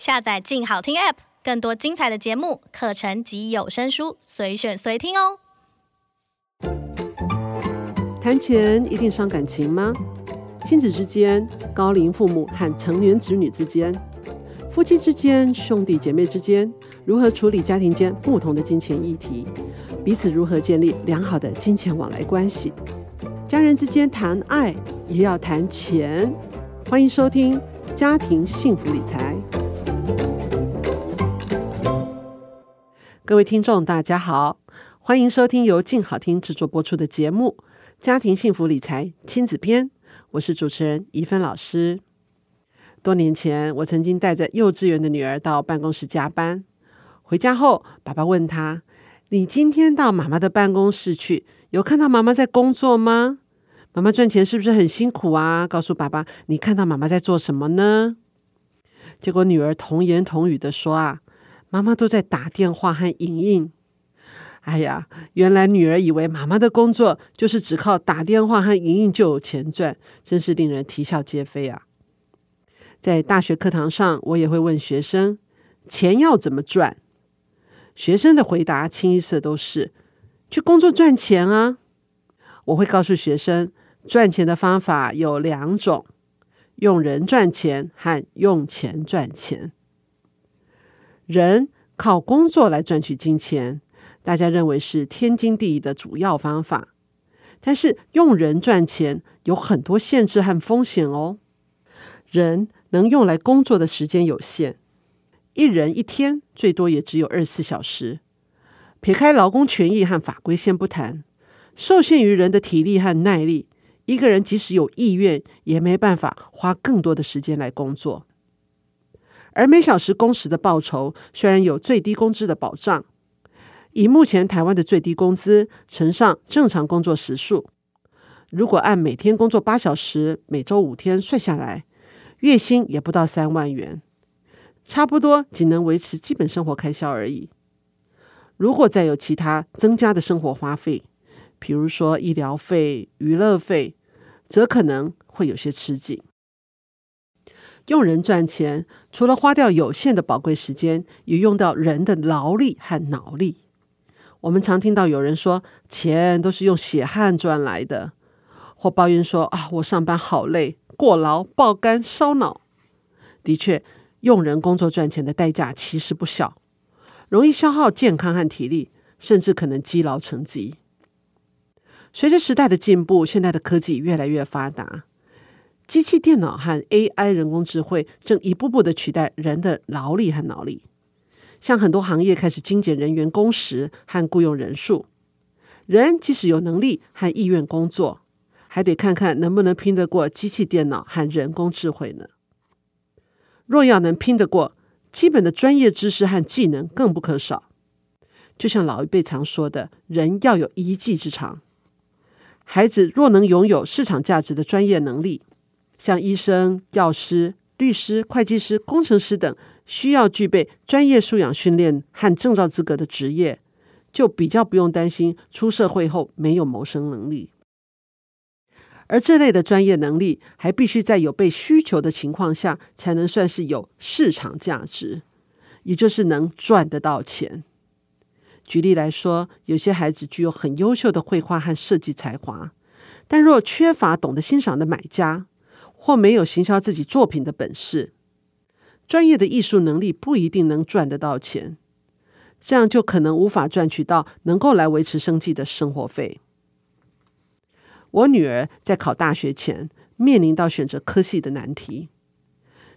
下載“鏡好聽 ”App，更多精彩的節目、課程及有聲書，隨選隨聽哦。談錢一定傷感情嗎？親子之間、高齡父母和成年子女之間、夫妻之間、兄弟姐妹之間，如何處理家庭間不同的金錢議題？彼此如何建立良好的金錢往來關係？家人之間談愛也要談錢。歡迎收聽《家庭幸福理財》。各位聽眾，大家好，歡迎收聽由靜好聽製作播出的節目《家庭幸福理財親子篇》，我是主持人怡芬老師。多年前，我曾經帶着幼稚園的女兒到辦公室加班，回家後，爸爸問她：“你今天到媽媽的辦公室去，有看到媽媽在工作嗎？媽媽賺錢是不是很辛苦啊？”告訴爸爸：“你看到媽媽在做什麼呢？”結果女兒童言童語的說：“啊。”媽媽都在打電話和瑩瑩。哎呀，原來女兒以為媽媽的工作就是只靠打電話和瑩瑩就有錢賺，真是令人啼笑皆非啊！在大學課堂上，我也會問學生：錢要怎麼賺？學生的回答清一色都是去工作賺錢啊！我會告訴學生，賺錢的方法有兩種：用人賺錢和用錢賺錢。人靠工作來賺取金錢，大家認為是天經地義的主要方法。但是用人賺錢有很多限制和風險哦。人能用來工作的時間有限，一人一天最多也只有二十四小時。撇開勞工權益和法規先不談，受限於人的體力和耐力，一個人即使有意願，也沒辦法花更多的時間來工作。而每小時工時的報酬雖然有最低工資的保障，以目前台灣的最低工資乘上正常工作時數，如果按每天工作八小時、每周五天算下來，月薪也不到三萬元，差不多僅能維持基本生活開銷而已。如果再有其他增加的生活花費，比如說醫療費、娛樂費，則可能會有些吃緊。用人賺錢，除了花掉有限的寶貴時間，也用到人的勞力和腦力。我們常聽到有人說：“錢都是用血汗賺來的。”或抱怨說：“啊，我上班好累，過勞、爆肝、燒腦。”的確，用人工作賺錢的代價其實不小，容易消耗健康和體力，甚至可能積勞成疾。隨着時代的進步，現代的科技越來越發達。機器、電腦和 AI 人工智慧正一步步的取代人的勞力和腦力，像很多行業開始精簡人員工時和雇傭人數。人即使有能力和意願工作，還得看看能不能拼得過機器、電腦和人工智慧呢？若要能拼得過，基本的專業知識和技能更不可少。就像老一輩常說的，人要有一技之長。孩子若能擁有市場價值的專業能力，像醫生、藥師、律師、會計師、工程師等需要具備專業素養訓練和證照資格的職業，就比較不用擔心出社會後沒有謀生能力。而這類的專業能力，還必須在有被需求的情況下，才能算是有市場價值，也就是能賺得到錢。舉例來說，有些孩子具有很優秀的繪畫和設計才華，但若缺乏懂得欣賞的買家。或沒有行銷自己作品的本事，專業的藝術能力不一定能賺得到錢，這樣就可能無法賺取到能夠來維持生計的生活費。我女兒在考大學前面臨到選擇科系的難題，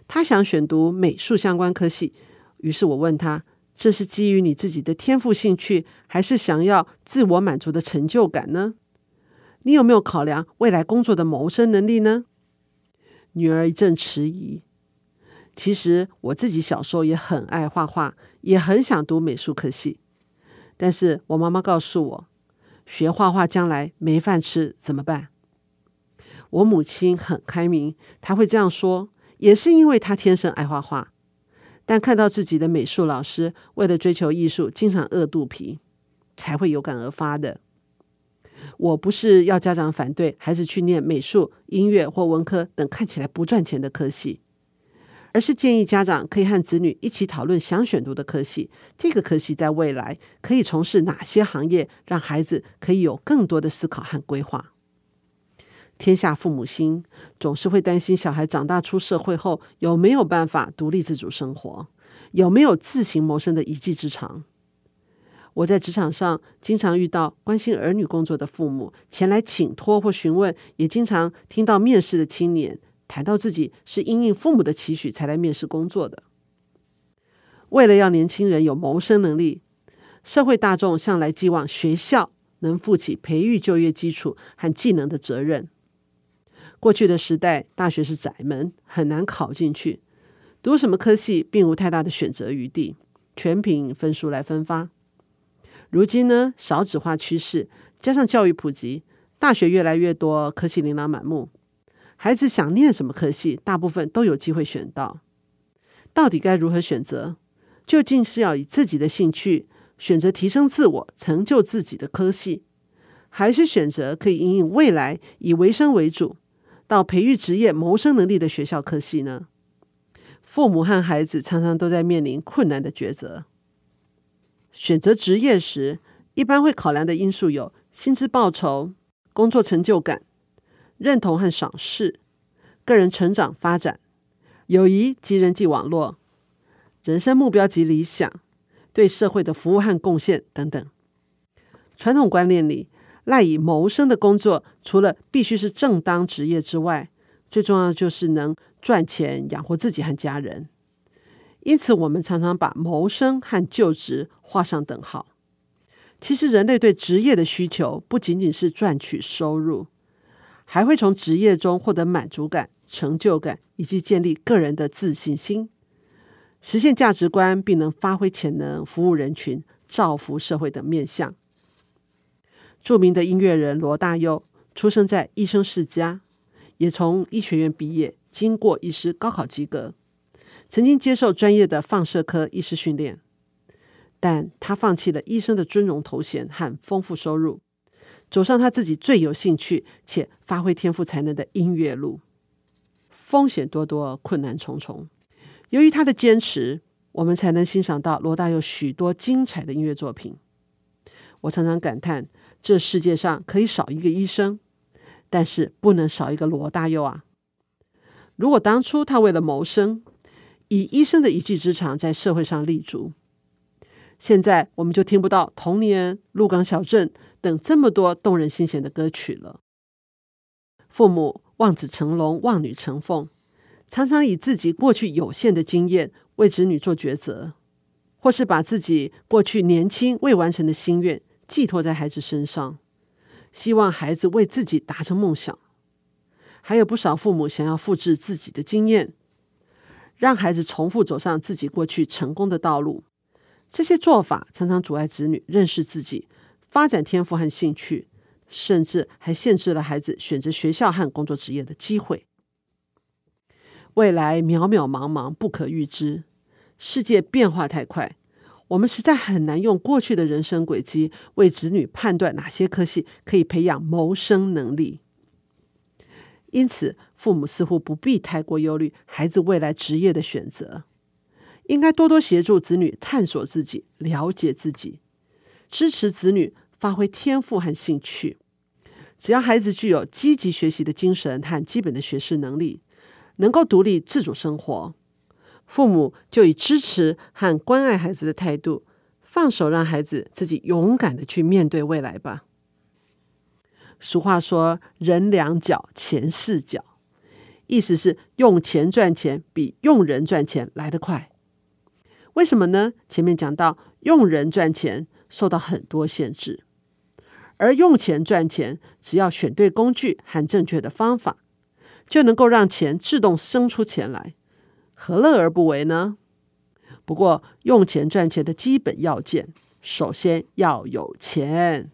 她想選讀美術相關科系，於是我問她：“這是基於你自己的天賦興趣，還是想要自我滿足的成就感呢？你有沒有考量未來工作的謀生能力呢？”女兒一陣遲疑。其實我自己小時候也很愛畫畫，也很想讀美術科系，但是我媽媽告訴我，學畫畫將來沒飯吃怎麼辦？我母親很開明，她會這樣說，也是因為她天生愛畫畫，但看到自己的美術老師為了追求藝術，經常餓肚皮，才會有感而發的。我不是要家長反對孩子去念美術、音樂或文科等看起來不賺錢的科系，而是建議家長可以和子女一起討論想選讀的科系，這個科系在未來可以從事哪些行業，讓孩子可以有更多的思考和規劃。天下父母心，總是會擔心小孩長大出社會後有沒有辦法獨立自主生活，有沒有自行謀生的一技之長。我在職場上經常遇到關心兒女工作的父母前來請托或詢問，也經常聽到面試的青年談到自己是因應父母的期許才來面試工作的。為了要年輕人有謀生能力，社會大眾向來寄望學校能負起培育就業基礎和技能的責任。過去的時代，大學是窄門，很難考進去，讀什麼科系並無太大的選擇餘地，全憑分數來分發。如今呢，少子化趨勢加上教育普及，大學越來越多，科系琳琅滿目，孩子想念什麼科系，大部分都有機會選到。到底該如何選擇？究竟是要以自己的興趣選擇提升自我、成就自己的科系，還是選擇可以引領未來以維生為主，到培育職業謀生能力的學校科系呢？父母和孩子常常都在面臨困難的抉擇。選擇職業時，一般會考量的因素有薪資報酬、工作成就感、認同和賞識、個人成長發展、友誼及人際網絡、人生目標及理想、對社會的服務和貢獻等等。傳統觀念裡，賴以謀生的工作除了必須是正當職業之外，最重要的就是能賺錢養活自己和家人。因此，我們常常把謀生和就職畫上等號。其實，人類對職業的需求不僅僅是賺取收入，還會從職業中獲得滿足感、成就感，以及建立個人的自信心，實現價值觀，並能發揮潛能、服務人群、造福社會等面向。著名的音樂人羅大佑出生在醫生世家，也從醫學院畢業，經過醫師高考及格。曾經接受專業的放射科醫師訓練，但他放棄了醫生的尊榮頭銜和豐富收入，走上他自己最有興趣且發揮天賦才能的音樂路。風險多多，困難重重。由於他的堅持，我們才能欣賞到羅大佑許多精彩的音樂作品。我常常感嘆，這世界上可以少一個醫生，但是不能少一個羅大佑啊！如果當初他為了謀生，以醫生的一技之長在社會上立足，現在我們就聽不到《童年》《鹿港小鎮》等這麼多動人心弦的歌曲了。父母望子成龍、望女成鳳，常常以自己過去有限的經驗為子女做抉擇，或是把自己過去年輕未完成的心願寄托在孩子身上，希望孩子為自己達成夢想。還有不少父母想要複製自己的經驗，讓孩子重複走上自己過去成功的道路，這些做法常常阻礙子女認識自己、發展天賦和興趣，甚至還限制了孩子選擇學校和工作職業的機會。未來渺渺茫茫，不可預知，世界變化太快，我們實在很難用過去的人生軌跡為子女判斷哪些科系可以培養謀生能力。因此，父母似乎不必太過憂慮孩子未來職業的選擇，應該多多協助子女探索自己、了解自己，支持子女發揮天賦和興趣。只要孩子具有積極學習的精神和基本的學識能力，能夠獨立自主生活，父母就以支持和關愛孩子的態度，放手讓孩子自己勇敢地去面對未來吧。俗話說：“人兩腳，錢四腳。”意思是用錢賺錢比用人賺錢來得快，為什麼呢？前面講到用人賺錢受到很多限制，而用錢賺錢只要選對工具和正確的方法，就能夠讓錢自動生出錢來，何樂而不為呢？不過，用錢賺錢的基本要件，首先要有錢，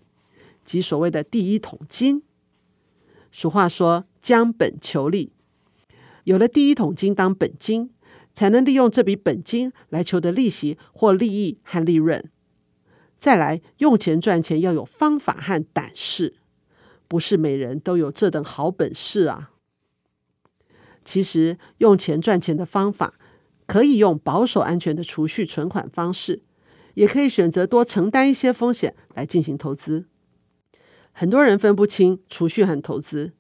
即所謂的第一桶金。俗話說“將本求利”。有了第一桶金當本金，才能利用這筆本金來求得利息或利益和利潤。再來，用錢賺錢要有方法和膽識，不是每人都有這等好本事啊。其實，用錢賺錢的方法可以用保守安全的儲蓄存款方式，也可以選擇多承擔一些風險來進行投資。很多人分不清儲蓄和投資。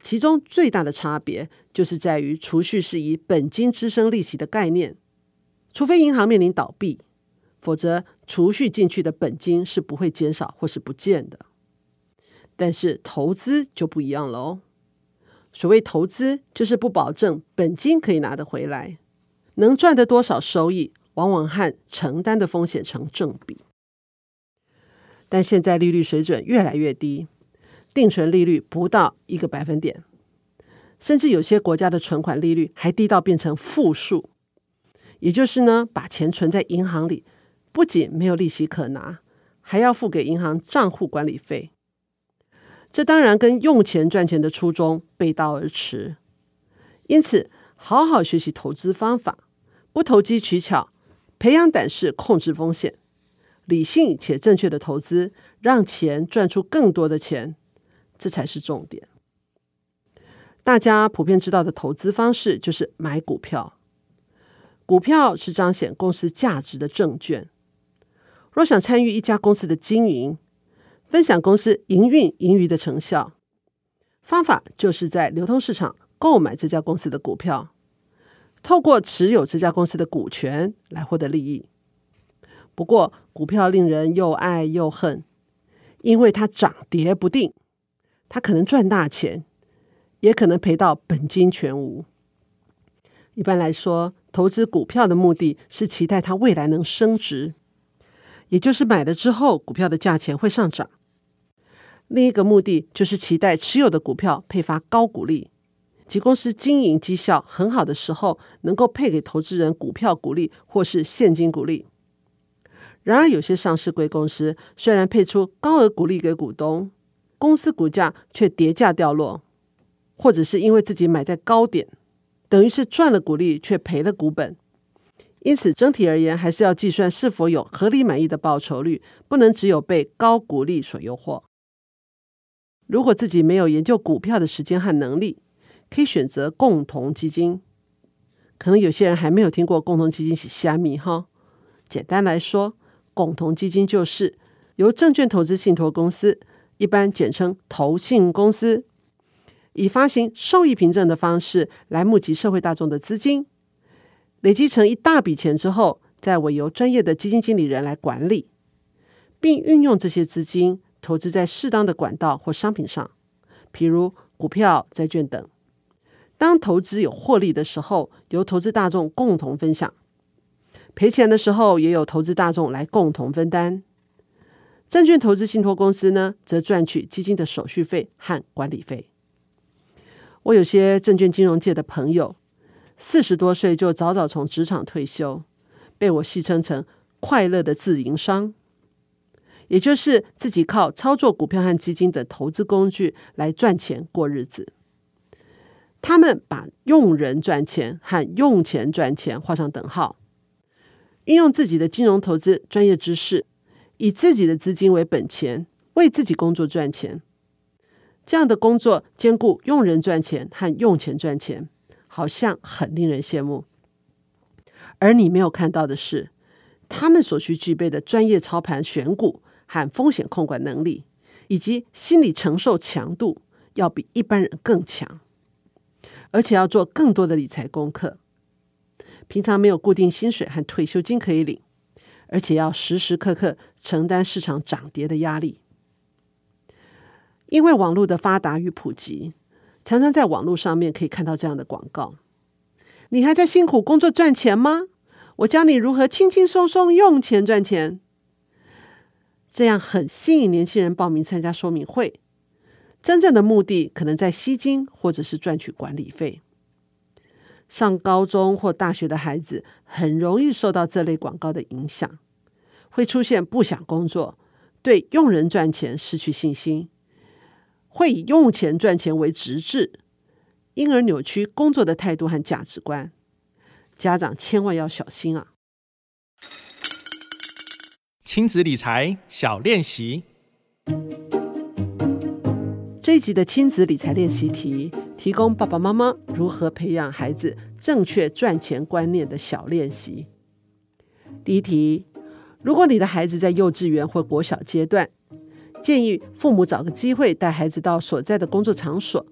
其中最大的差別就是在於，儲蓄是以本金孳生利息的概念，除非銀行面臨倒閉，否則儲蓄進去的本金是不會減少或是不見的。但是投資就不一樣了哦。所謂投資，就是不保證本金可以拿得回來，能賺得多少收益，往往和承擔的風險成正比。但現在利率水準越來越低。定存利率不到一個百分點，甚至有些國家的存款利率還低到變成負數，也就是呢，把錢存在銀行裡，不僅沒有利息可拿，還要付給銀行賬戶管理費。這當然跟用錢賺錢的初衷背道而馳。因此，好好學習投資方法，不投機取巧，培養膽識，控制風險，理性且正確的投資，讓錢賺出更多的錢。這才是重點。大家普遍知道的投資方式就是買股票。股票是彰顯公司價值的證券。若想參與一家公司的經營，分享公司營運盈餘的成效，方法就是在流通市場購買這家公司的股票，透過持有這家公司的股權來獲得利益。不過，股票令人又愛又恨，因為它漲跌不定。他可能賺大錢，也可能賠到本金全無。一般來說，投資股票的目的是期待它未來能升值，也就是買了之後股票的價錢會上漲。另一個目的就是期待持有的股票配發高股利，即公司經營績效很好的時候，能夠配給投資人股票股利或是現金股利。然而，有些上市櫃公司雖然配出高額股利給股東。公司股價卻跌價掉落，或者是因為自己買在高點，等於是賺了股利卻賠了股本。因此，整體而言，還是要計算是否有合理滿意的報酬率，不能只有被高股利所誘惑。如果自己沒有研究股票的時間和能力，可以選擇共同基金。可能有些人還沒有聽過共同基金是蝦米哈？簡單來說，共同基金就是由證券投資信託公司。一般簡稱投信公司，以發行受益憑證的方式來募集社會大眾的資金，累積成一大筆錢之後，再委由專業的基金經理人來管理，並運用這些資金投資在適當的管道或商品上，譬如股票、債券等。當投資有獲利的時候，由投資大眾共同分享；賠錢的時候，也由投資大眾來共同分擔。證券投資信託公司呢，則賺取基金的手續費和管理費。我有些證券金融界的朋友，四十多歲就早早從職場退休，被我戲稱成“快樂的自營商”，也就是自己靠操作股票和基金的投資工具來賺錢過日子。他們把用人賺錢和用錢賺錢畫上等號，運用自己的金融投資專業知識。以自己的資金為本錢，為自己工作賺錢，這樣的工作兼顧用人賺錢和用錢賺錢，好像很令人羨慕。而你沒有看到的是，他們所需具備的專業操盤選股和風險控管能力，以及心理承受強度，要比一般人更強。而且要做更多的理財功課，平常沒有固定薪水和退休金可以領。而且要時時刻刻承擔市場漲跌的壓力，因為網絡的發達與普及，常常在網絡上面可以看到這樣的廣告，你還在辛苦工作賺錢嗎？我教你如何輕輕鬆鬆用錢賺錢。這樣很吸引年輕人報名參加說明會。真正的目的可能在吸金或者是賺取管理費。上高中或大學的孩子很容易受到這類廣告的影響，會出現不想工作、對用人賺錢失去信心，會以用錢賺錢為職志，因而扭曲工作的態度和價值觀。家長千萬要小心啊！親子理財小練習，這一集的親子理財練習題。提供爸爸媽媽如何培養孩子正確賺錢觀念的小練習。第一題，如果你的孩子在幼稚園或國小階段，建議父母找個機會帶孩子到所在的工作場所，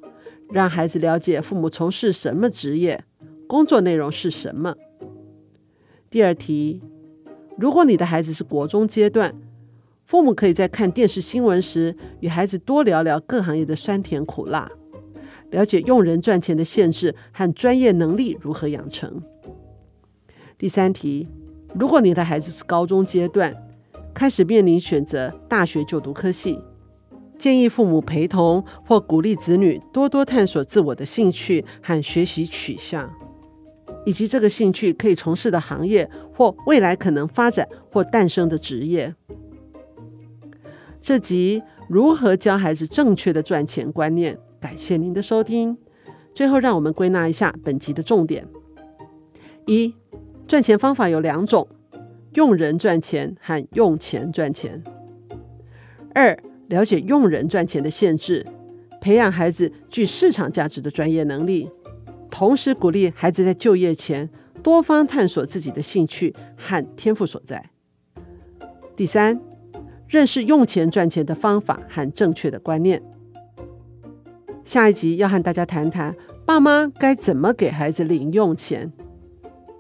讓孩子了解父母從事什麼職業，工作內容是什麼。第二題，如果你的孩子是國中階段，父母可以在看電視新聞時與孩子多聊聊各行業的酸甜苦辣。了解用人賺錢的限制和專業能力如何養成。第三題，如果你的孩子是高中階段，開始面臨選擇大學就讀科系，建議父母陪同或鼓勵子女多多探索自我的興趣和學習取向，以及這個興趣可以從事的行業或未來可能發展或誕生的職業。這集如何教孩子正確的賺錢觀念？感謝您的收聽。最後，讓我們歸納一下本集的重點：一、賺錢方法有兩種，用人賺錢和用錢賺錢；二、了解用人賺錢的限制，培養孩子具市場價值的專業能力，同時鼓勵孩子在就業前多方探索自己的興趣和天賦所在；第三，認識用錢賺錢的方法和正確的觀念。下一集要和大家談談爸媽該怎麼給孩子零用錢。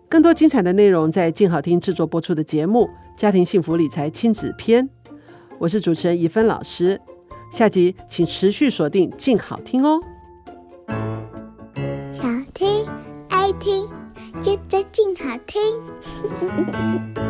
更多精彩的內容在靜好聽製作播出的節目《家庭幸福理財親子篇》，我是主持人怡芬老師。下集請持續鎖定靜好聽哦，小聽。想聽愛聽，就在靜好聽。